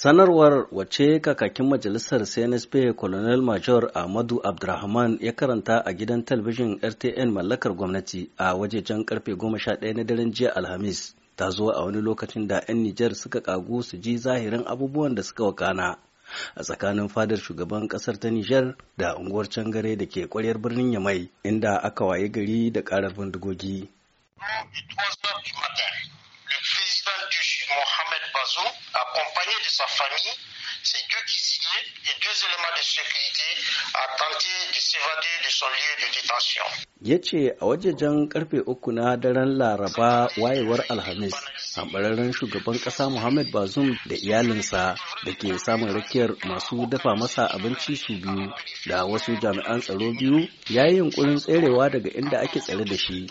Sanarwar wace kakakin majalisar CNSP Colonel Major Ahmadu Abdurrahman ya karanta a gidan talabijin RTN mallakar gwamnati a wajejen karfe 11 na daren jiya Alhamis ta zo a wani lokacin da 'yan Nijar suka kagu su ji zahirin abubuwan da suka wakana a tsakanin fadar shugaban kasar ta Nijar da unguwar Cangare da ke kwaryar birnin Yamai inda aka waye gari da karar bindigogi. le président du Mohamed Bazoum, accompagné de sa famille, ces deux cuisiniers et deux éléments de sécurité a tenté de s'évader de son lieu de détention. Ya ce a wajejen karfe uku na daren Laraba wayewar Alhamis, hambararren shugaban ƙasa Muhammad Bazoum da iyalinsa da ke samun rakiyar masu dafa masa abinci su biyu da wasu jami'an tsaro biyu ya yi yunkurin tserewa daga inda ake tsare da shi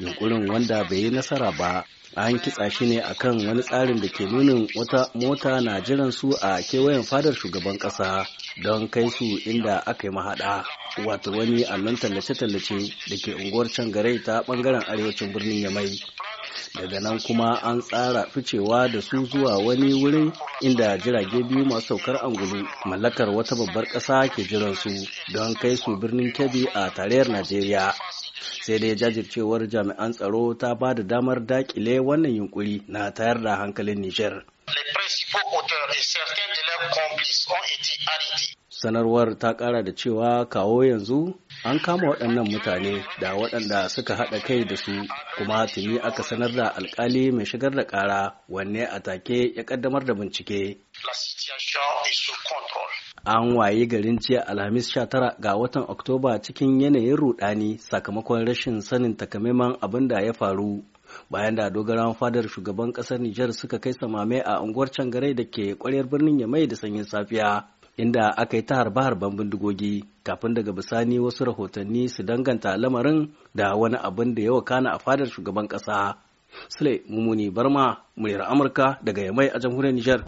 yunkurin wanda bai yi nasara ba an kitsa shi ne akan wani tsarin da ke nunin wata mota na jiran su a kewayen fadar shugaban kasa don kai su inda aka yi mahaɗa wato wani allon tallace-tallace da ke unguwar can garai ta ɓangaren arewacin birnin yamai daga nan kuma an tsara ficewa da su zuwa wani wurin inda jirage biyu masu saukar angulu mallakar wata babbar ƙasa ke jiran su don kai su birnin kebbi a tarayyar najeriya sai dai jajircewar jami'an tsaro ta ba da damar dakile wannan yunkuri na tayar da hankalin Nijar. Sanarwar ta kara da cewa kawo yanzu An kama waɗannan mutane da waɗanda suka haɗa kai da su kuma tuni aka sanar da alkali mai shigar da ƙara wanne a take ya ƙaddamar da bincike. An waye garin jiya Alhamis 19 ga watan Oktoba cikin yanayin rudani sakamakon rashin sanin takamaiman abin da ya faru. Bayan da dogaran fadar shugaban ƙasar Nijar suka kai samame a unguwar Cangare da ke ƙwaryar birnin Yamai da sanyin safiya. inda aka yi ta harba-harban bindigogi kafin daga bisani wasu rahotanni su danganta lamarin da wani abin da ya wakana a fadar shugaban ƙasa. Sule Mumuni Barma, muryar Amurka daga Yamai a jamhuriyar Nijar.